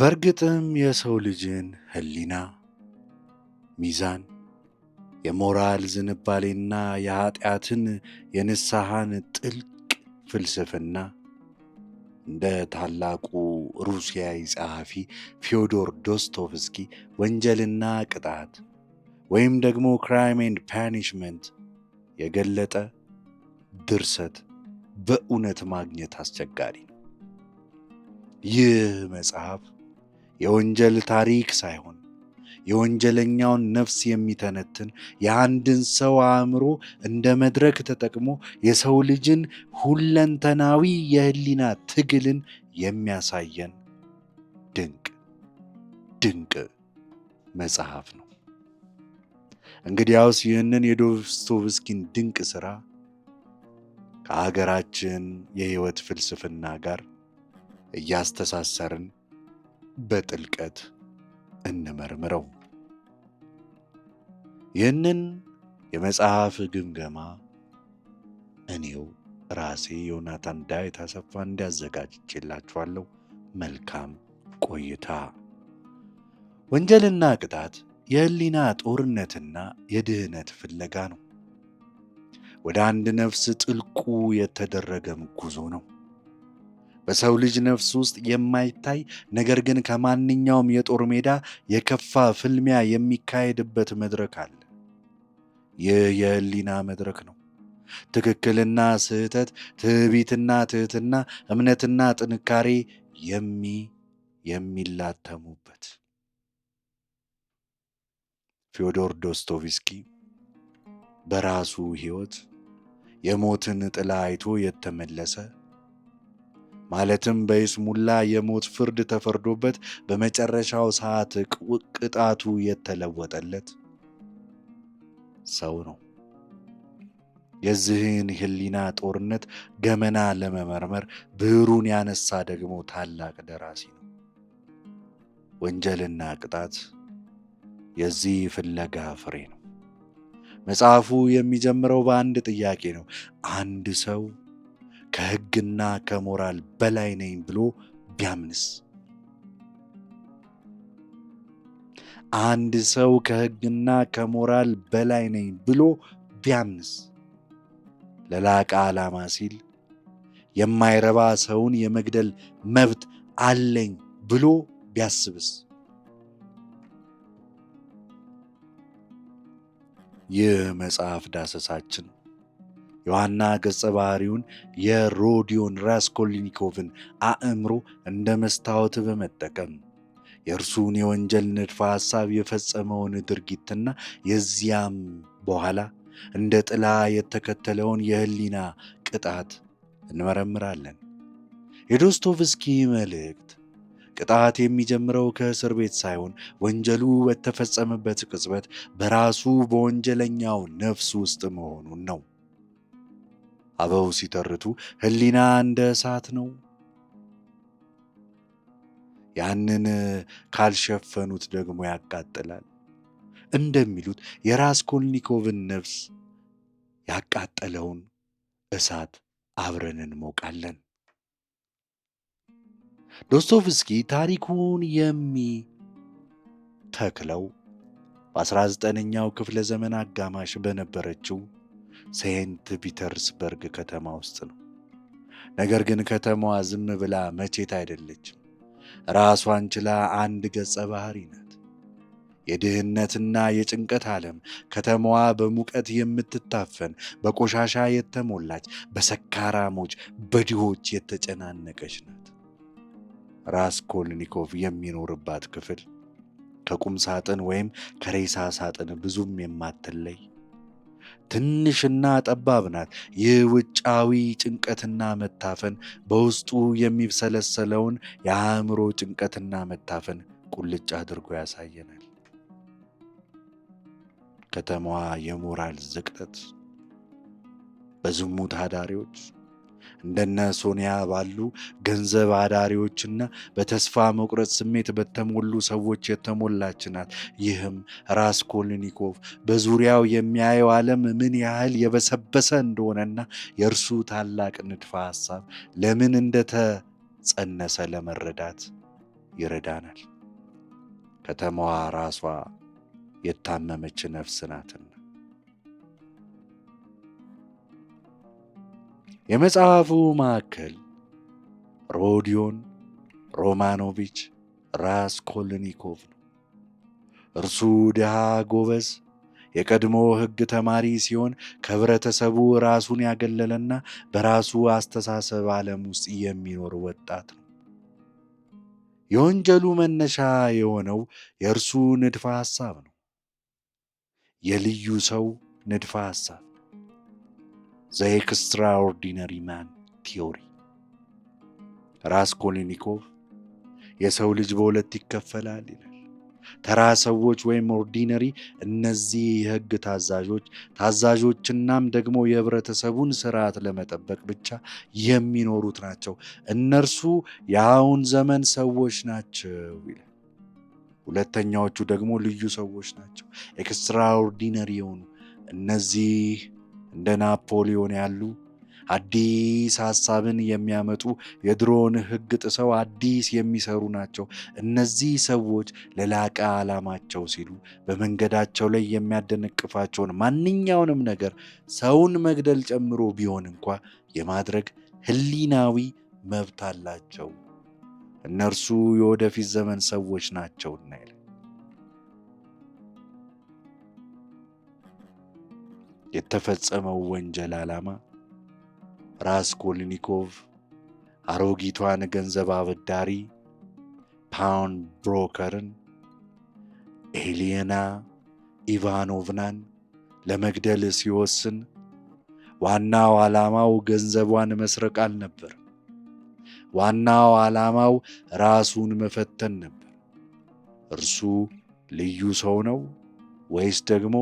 በእርግጥም የሰው ልጅን ሕሊና፣ ሚዛን፣ የሞራል ዝንባሌና የኀጢአትን የንስሐን ጥልቅ ፍልስፍና እንደ ታላቁ ሩሲያዊ ጸሐፊ ፊዮዶር ዶስቶቭስኪ ወንጀልና ቅጣት ወይም ደግሞ ክራይም ኤንድ ፓኒሽመንት የገለጠ ድርሰት በእውነት ማግኘት አስቸጋሪ ነው። ይህ መጽሐፍ የወንጀል ታሪክ ሳይሆን የወንጀለኛውን ነፍስ የሚተነትን የአንድን ሰው አእምሮ እንደ መድረክ ተጠቅሞ የሰው ልጅን ሁለንተናዊ የህሊና ትግልን የሚያሳየን ድንቅ ድንቅ መጽሐፍ ነው። እንግዲያውስ ይህንን የዶስቶቭስኪን ድንቅ ሥራ ከአገራችን የሕይወት ፍልስፍና ጋር እያስተሳሰርን በጥልቀት እንመርምረው። ይህንን የመጽሐፍ ግምገማ እኔው ራሴ ዮናታን ዳዊት አሰፋ እንዲያዘጋጅችላችኋለሁ። መልካም ቆይታ። ወንጀልና ቅጣት የህሊና ጦርነትና የድህነት ፍለጋ ነው። ወደ አንድ ነፍስ ጥልቁ የተደረገም ጉዞ ነው። በሰው ልጅ ነፍስ ውስጥ የማይታይ ነገር ግን ከማንኛውም የጦር ሜዳ የከፋ ፍልሚያ የሚካሄድበት መድረክ አለ። ይህ የህሊና መድረክ ነው። ትክክልና ስህተት፣ ትዕቢትና ትህትና፣ እምነትና ጥንካሬ የሚ የሚላተሙበት ፊዮዶር ዶስቶቭስኪ በራሱ ሕይወት የሞትን ጥላ አይቶ የተመለሰ ማለትም በይስሙላ የሞት ፍርድ ተፈርዶበት በመጨረሻው ሰዓት ቅጣቱ የተለወጠለት ሰው ነው። የዚህን ሕሊና ጦርነት ገመና ለመመርመር ብዕሩን ያነሳ ደግሞ ታላቅ ደራሲ ነው። ወንጀልና ቅጣት የዚህ ፍለጋ ፍሬ ነው። መጽሐፉ የሚጀምረው በአንድ ጥያቄ ነው። አንድ ሰው ከሕግና ከሞራል በላይ ነኝ ብሎ ቢያምንስ? አንድ ሰው ከሕግና ከሞራል በላይ ነኝ ብሎ ቢያምንስ? ለላቀ ዓላማ ሲል የማይረባ ሰውን የመግደል መብት አለኝ ብሎ ቢያስብስ? ይህ መጽሐፍ ዳሰሳችን ዮሐና ገጸ ባህሪውን የሮዲዮን ራስኮልኒኮቭን አእምሮ እንደ መስታወት በመጠቀም የእርሱን የወንጀል ንድፈ ሐሳብ የፈጸመውን ድርጊትና የዚያም በኋላ እንደ ጥላ የተከተለውን የህሊና ቅጣት እንመረምራለን። የዶስቶቭስኪ መልእክት ቅጣት የሚጀምረው ከእስር ቤት ሳይሆን ወንጀሉ በተፈጸመበት ቅጽበት በራሱ በወንጀለኛው ነፍስ ውስጥ መሆኑን ነው። አበው ሲተርቱ ሕሊና እንደ እሳት ነው። ያንን ካልሸፈኑት ደግሞ ያቃጥላል እንደሚሉት የራስኮልኒኮቭን ነፍስ ያቃጠለውን እሳት አብረን እንሞቃለን። ዶስቶቭስኪ ታሪኩን የሚተክለው በ19ኛው ክፍለ ዘመን አጋማሽ በነበረችው ሴንት ፒተርስበርግ ከተማ ውስጥ ነው። ነገር ግን ከተማዋ ዝም ብላ መቼት አይደለችም። ራሷን ችላ አንድ ገጸ ባህሪ ናት። የድህነትና የጭንቀት ዓለም ከተማዋ በሙቀት የምትታፈን በቆሻሻ የተሞላች በሰካራሞች በድሆች የተጨናነቀች ናት። ራስኮልኒኮቭ የሚኖርባት ክፍል ከቁም ሳጥን ወይም ከሬሳ ሳጥን ብዙም የማትለይ ትንሽና ጠባብ ናት። ይህ ውጫዊ ጭንቀትና መታፈን በውስጡ የሚብሰለሰለውን የአእምሮ ጭንቀትና መታፈን ቁልጭ አድርጎ ያሳየናል። ከተማዋ የሞራል ዝቅጠት በዝሙት አዳሪዎች እንደነ ሶኒያ ባሉ ገንዘብ አዳሪዎችና በተስፋ መቁረጥ ስሜት በተሞሉ ሰዎች የተሞላች ናት። ይህም ራስኮልኒኮቭ በዙሪያው የሚያየው ዓለም ምን ያህል የበሰበሰ እንደሆነና የእርሱ ታላቅ ንድፈ ሐሳብ ለምን እንደተጸነሰ ለመረዳት ይረዳናል። ከተማዋ ራሷ የታመመች ነፍስ ናትን። የመጽሐፉ ማዕከል ሮዲዮን ሮማኖቪች ራስኮልኒኮቭ ነው። እርሱ ድሃ ጎበዝ የቀድሞ ሕግ ተማሪ ሲሆን ከህብረተሰቡ ራሱን ያገለለና በራሱ አስተሳሰብ ዓለም ውስጥ የሚኖር ወጣት ነው። የወንጀሉ መነሻ የሆነው የእርሱ ንድፈ ሐሳብ ነው። የልዩ ሰው ንድፈ ሐሳብ ዘ ኤክስትራኦርዲነሪ ማን ቲዮሪ ራስኮልኒኮቭ የሰው ልጅ በሁለት ይከፈላል ይላል። ተራ ሰዎች ወይም ኦርዲነሪ፣ እነዚህ የህግ ታዛዦች ታዛዦችናም ደግሞ የህብረተሰቡን ስርዓት ለመጠበቅ ብቻ የሚኖሩት ናቸው። እነርሱ የአሁን ዘመን ሰዎች ናቸው ይላል። ሁለተኛዎቹ ደግሞ ልዩ ሰዎች ናቸው፣ ኤክስትራኦርዲነሪ የሆኑ እነዚህ እንደ ናፖሊዮን ያሉ አዲስ ሐሳብን የሚያመጡ የድሮን ሕግ ጥሰው አዲስ የሚሰሩ ናቸው። እነዚህ ሰዎች ለላቀ ዓላማቸው ሲሉ በመንገዳቸው ላይ የሚያደነቅፋቸውን ማንኛውንም ነገር ሰውን መግደል ጨምሮ ቢሆን እንኳ የማድረግ ህሊናዊ መብት አላቸው። እነርሱ የወደፊት ዘመን ሰዎች ናቸው ይላል። የተፈጸመው ወንጀል ዓላማ ራስኮልኒኮቭ አሮጊቷን ገንዘብ አበዳሪ ፓውን ብሮከርን ኤሌና ኢቫኖቭናን ለመግደል ሲወስን ዋናው ዓላማው ገንዘቧን መስረቅ አልነበር። ዋናው ዓላማው ራሱን መፈተን ነበር። እርሱ ልዩ ሰው ነው ወይስ ደግሞ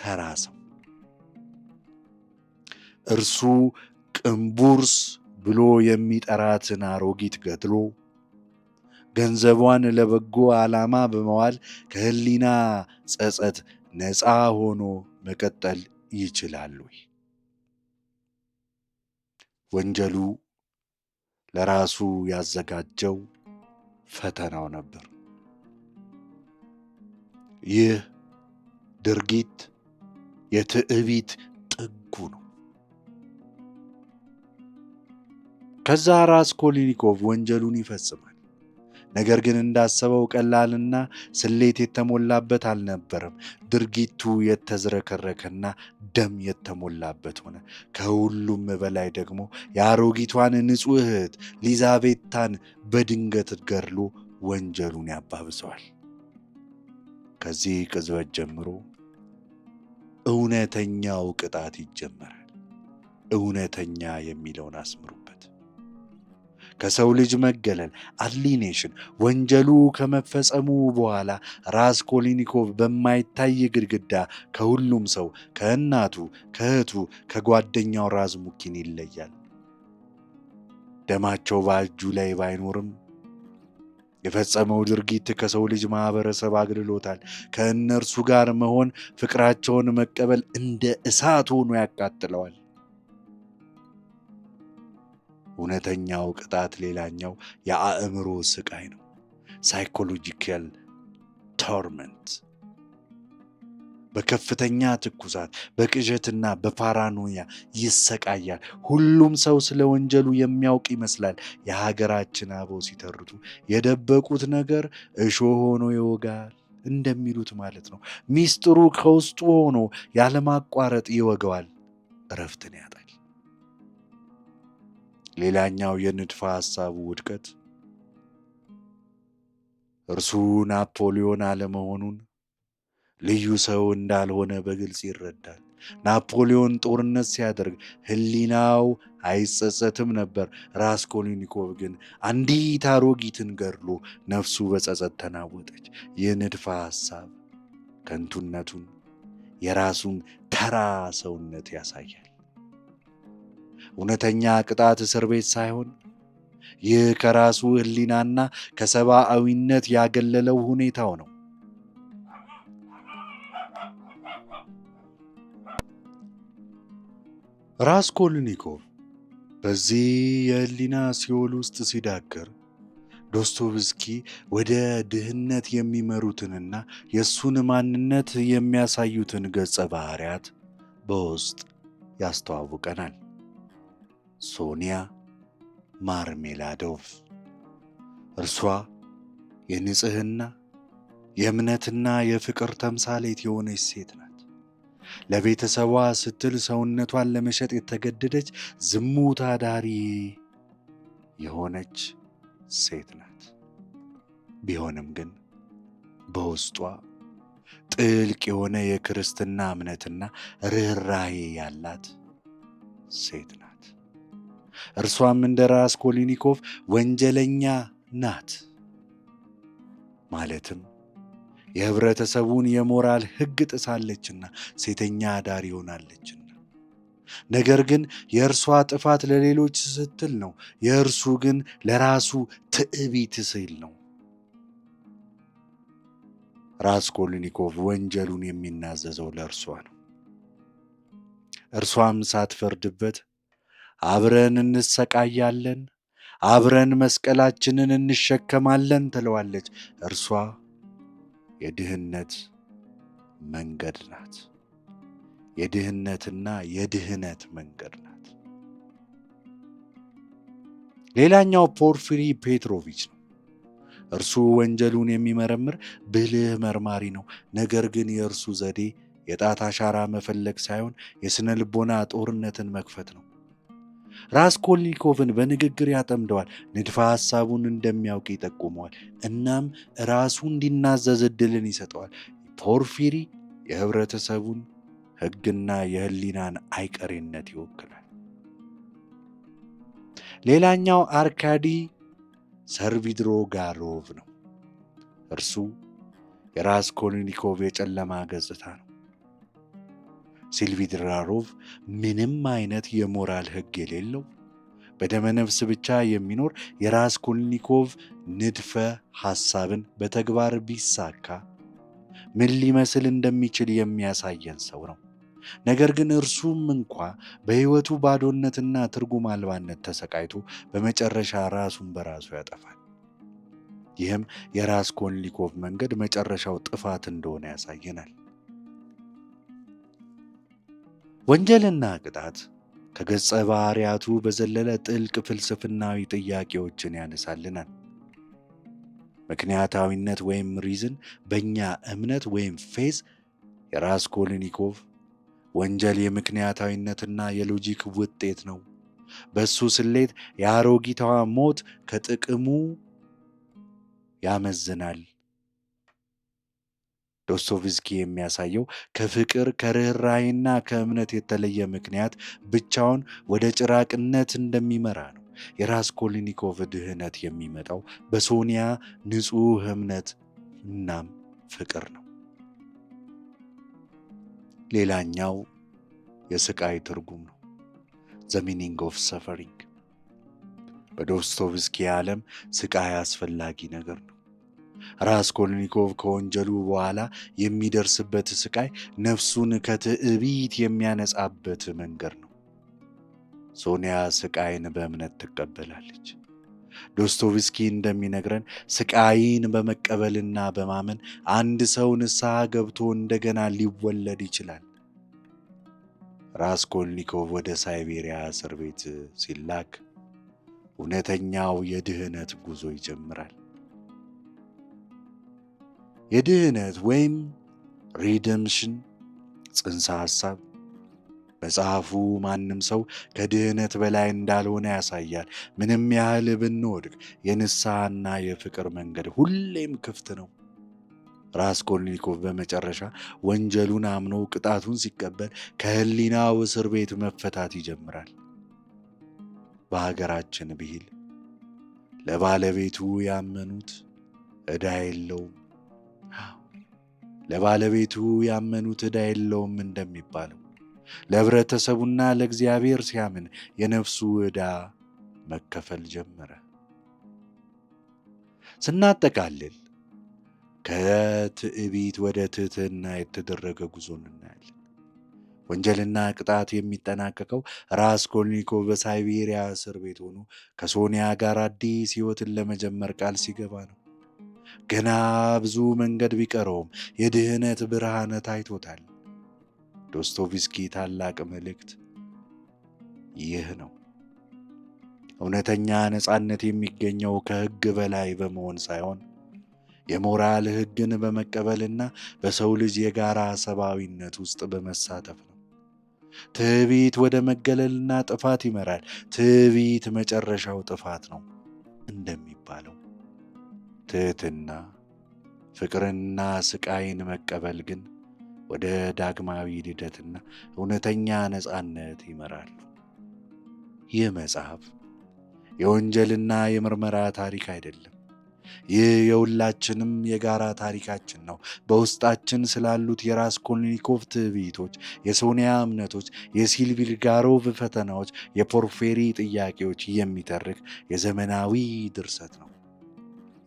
ተራ ሰው? እርሱ ቅንቡርስ ብሎ የሚጠራትን አሮጊት ገድሎ ገንዘቧን ለበጎ ዓላማ በመዋል ከህሊና ጸጸት ነፃ ሆኖ መቀጠል ይችላል ወይ? ወንጀሉ ለራሱ ያዘጋጀው ፈተናው ነበር። ይህ ድርጊት የትዕቢት ጥጉ ነው። ከዛ ራስኮልኒኮቭ ወንጀሉን ይፈጽማል። ነገር ግን እንዳሰበው ቀላልና ስሌት የተሞላበት አልነበረም። ድርጊቱ የተዝረከረከና ደም የተሞላበት ሆነ። ከሁሉም በላይ ደግሞ የአሮጊቷን ንጹሕ እህት ሊዛቤታን በድንገት ገድሎ ወንጀሉን ያባብሰዋል። ከዚህ ቅጽበት ጀምሮ እውነተኛው ቅጣት ይጀመራል። እውነተኛ የሚለውን አስምሩበት። ከሰው ልጅ መገለል አሊኔሽን ወንጀሉ ከመፈጸሙ በኋላ ራስኮሊኒኮቭ በማይታይ ግድግዳ ከሁሉም ሰው ከእናቱ፣ ከእህቱ፣ ከጓደኛው ራዝሙኪን ይለያል። ደማቸው በእጁ ላይ ባይኖርም የፈጸመው ድርጊት ከሰው ልጅ ማህበረሰብ አግልሎታል። ከእነርሱ ጋር መሆን ፍቅራቸውን መቀበል እንደ እሳት ሆኖ ያቃጥለዋል። እውነተኛው ቅጣት ሌላኛው የአእምሮ ስቃይ ነው፣ ሳይኮሎጂካል ቶርመንት። በከፍተኛ ትኩሳት በቅዠትና በፓራኖያ ይሰቃያል። ሁሉም ሰው ስለ ወንጀሉ የሚያውቅ ይመስላል። የሀገራችን አበው ሲተርቱ የደበቁት ነገር እሾህ ሆኖ ይወጋል እንደሚሉት ማለት ነው። ሚስጥሩ ከውስጡ ሆኖ ያለማቋረጥ ይወገዋል፣ እረፍትን ያጣል። ሌላኛው የንድፈ ሐሳቡ ውድቀት እርሱ ናፖሊዮን አለመሆኑን ልዩ ሰው እንዳልሆነ በግልጽ ይረዳል። ናፖሊዮን ጦርነት ሲያደርግ ሕሊናው አይጸጸትም ነበር። ራስኮሊኒኮቭ ግን አንዲት አሮጊትን ገድሎ ነፍሱ በጸጸት ተናወጠች። ይህ ንድፈ ሐሳብ ከንቱነቱን የራሱን ተራ ሰውነት ያሳያል። እውነተኛ ቅጣት እስር ቤት ሳይሆን ይህ ከራሱ ሕሊናና ከሰብአዊነት ያገለለው ሁኔታው ነው። ራስኮልኒኮቭ በዚህ የሕሊና ሲኦል ውስጥ ሲዳክር ዶስቶቭስኪ ወደ ድህነት የሚመሩትንና የእሱን ማንነት የሚያሳዩትን ገጸ ባህሪያት በውስጥ ያስተዋውቀናል። ሶኒያ ማርሜላዶቭ። እርሷ የንጽህና የእምነትና የፍቅር ተምሳሌት የሆነች ሴት ናት። ለቤተሰቧ ስትል ሰውነቷን ለመሸጥ የተገደደች ዝሙት አዳሪ የሆነች ሴት ናት። ቢሆንም ግን በውስጧ ጥልቅ የሆነ የክርስትና እምነትና ርኅራሄ ያላት ሴት ናት። እርሷም እንደ ራስኮሊኒኮቭ ወንጀለኛ ናት። ማለትም የህብረተሰቡን የሞራል ህግ ጥሳለችና ሴተኛ አዳሪ ሆናለችና። ነገር ግን የእርሷ ጥፋት ለሌሎች ስትል ነው፣ የእርሱ ግን ለራሱ ትዕቢት ሲል ነው። ራስኮልኒኮቭ ወንጀሉን የሚናዘዘው ለእርሷ ነው። እርሷም ሳትፈርድበት አብረን እንሰቃያለን፣ አብረን መስቀላችንን እንሸከማለን ትለዋለች። እርሷ የድህነት መንገድ ናት። የድህነትና የድህነት መንገድ ናት። ሌላኛው ፖርፊሪ ፔትሮቪች ነው። እርሱ ወንጀሉን የሚመረምር ብልህ መርማሪ ነው። ነገር ግን የእርሱ ዘዴ የጣት አሻራ መፈለግ ሳይሆን የሥነ ልቦና ጦርነትን መክፈት ነው። ራስኮልኒኮቭን በንግግር ያጠምደዋል፣ ንድፈ ሐሳቡን እንደሚያውቅ ይጠቁመዋል፣ እናም ራሱ እንዲናዘዝ ዕድልን ይሰጠዋል። ፖርፊሪ የህብረተሰቡን ሕግና የህሊናን አይቀሬነት ይወክላል። ሌላኛው አርካዲ ሰርቪድሮ ጋሮቭ ነው። እርሱ የራስኮልኒኮቭ የጨለማ ገጽታ ነው። ሲልቪድራሮቭ ምንም አይነት የሞራል ህግ የሌለው በደመነፍስ ብቻ የሚኖር የራስኮልኒኮቭ ንድፈ ሐሳብን በተግባር ቢሳካ ምን ሊመስል እንደሚችል የሚያሳየን ሰው ነው። ነገር ግን እርሱም እንኳ በሕይወቱ ባዶነትና ትርጉም አልባነት ተሰቃይቶ በመጨረሻ ራሱን በራሱ ያጠፋል። ይህም የራስኮልኒኮቭ መንገድ መጨረሻው ጥፋት እንደሆነ ያሳየናል። ወንጀልና ቅጣት ከገጸ ባህሪያቱ በዘለለ ጥልቅ ፍልስፍናዊ ጥያቄዎችን ያነሳልናል። ምክንያታዊነት ወይም ሪዝን በእኛ እምነት ወይም ፌዝ የራስ ወንጀል የምክንያታዊነትና የሎጂክ ውጤት ነው። በሱ ስሌት የአሮጊቷ ሞት ከጥቅሙ ያመዝናል ዶስቶቭስኪ የሚያሳየው ከፍቅር ከርኅራይና ከእምነት የተለየ ምክንያት ብቻውን ወደ ጭራቅነት እንደሚመራ ነው። የራስኮልኒኮቭ ድህነት የሚመጣው በሶኒያ ንጹሕ እምነት እናም ፍቅር ነው። ሌላኛው የስቃይ ትርጉም ነው፣ ዘ ሚኒንግ ኦፍ ሰፈሪንግ። በዶስቶቭስኪ ዓለም ስቃይ አስፈላጊ ነገር ነው። ራስኮልኒኮቭ ከወንጀሉ በኋላ የሚደርስበት ስቃይ ነፍሱን ከትዕቢት የሚያነጻበት መንገድ ነው። ሶኒያ ስቃይን በእምነት ትቀበላለች። ዶስቶቭስኪ እንደሚነግረን ስቃይን በመቀበልና በማመን አንድ ሰው ንስሐ ገብቶ እንደገና ሊወለድ ይችላል። ራስኮልኒኮቭ ወደ ሳይቤሪያ እስር ቤት ሲላክ እውነተኛው የድህነት ጉዞ ይጀምራል። የድህነት ወይም ሪደምሽን ጽንሰ ሐሳብ መጽሐፉ ማንም ሰው ከድህነት በላይ እንዳልሆነ ያሳያል። ምንም ያህል ብንወድቅ የንስሐና የፍቅር መንገድ ሁሌም ክፍት ነው። ራስኮልኒኮቭ በመጨረሻ ወንጀሉን አምኖ ቅጣቱን ሲቀበል ከህሊናው እስር ቤት መፈታት ይጀምራል። በሀገራችን ብሂል ለባለቤቱ ያመኑት ዕዳ የለውም ለባለቤቱ ያመኑት ዕዳ የለውም እንደሚባለው ለኅብረተሰቡና ለእግዚአብሔር ሲያምን የነፍሱ ዕዳ መከፈል ጀመረ። ስናጠቃልል ከትዕቢት ወደ ትሕትና የተደረገ ጉዞ እናያለን። ወንጀልና ቅጣት የሚጠናቀቀው ራስኮልኒኮቭ በሳይቤሪያ እስር ቤት ሆኖ ከሶኒያ ጋር አዲስ ሕይወትን ለመጀመር ቃል ሲገባ ነው። ገና ብዙ መንገድ ቢቀረውም የድህነት ብርሃን ታይቶታል። ዶስቶቭስኪ ታላቅ መልእክት ይህ ነው። እውነተኛ ነፃነት የሚገኘው ከሕግ በላይ በመሆን ሳይሆን የሞራል ሕግን በመቀበልና በሰው ልጅ የጋራ ሰብአዊነት ውስጥ በመሳተፍ ነው። ትዕቢት ወደ መገለልና ጥፋት ይመራል። ትዕቢት መጨረሻው ጥፋት ነው እንደሚባለው ትህትና፣ ፍቅርና ስቃይን መቀበል ግን ወደ ዳግማዊ ልደትና እውነተኛ ነፃነት ይመራሉ። ይህ መጽሐፍ የወንጀልና የምርመራ ታሪክ አይደለም። ይህ የሁላችንም የጋራ ታሪካችን ነው። በውስጣችን ስላሉት የራስኮልኒኮቭ ትዕቢቶች፣ የሶኒያ እምነቶች፣ የሲልቪልጋሮቭ ፈተናዎች፣ የፖርፌሪ ጥያቄዎች የሚተርክ የዘመናዊ ድርሰት ነው።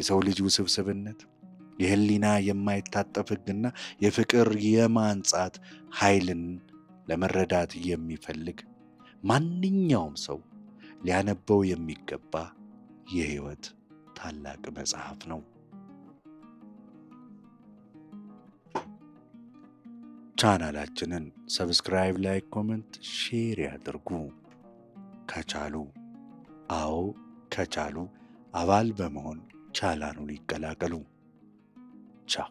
የሰው ልጅ ውስብስብነት፣ የህሊና የማይታጠፍ ህግና የፍቅር የማንጻት ኃይልን ለመረዳት የሚፈልግ ማንኛውም ሰው ሊያነበው የሚገባ የህይወት ታላቅ መጽሐፍ ነው። ቻናላችንን ሰብስክራይብ፣ ላይክ፣ ኮመንት፣ ሼር ያድርጉ። ከቻሉ አዎ ከቻሉ አባል በመሆን ቻላኑን ይቀላቀሉ። ቻው።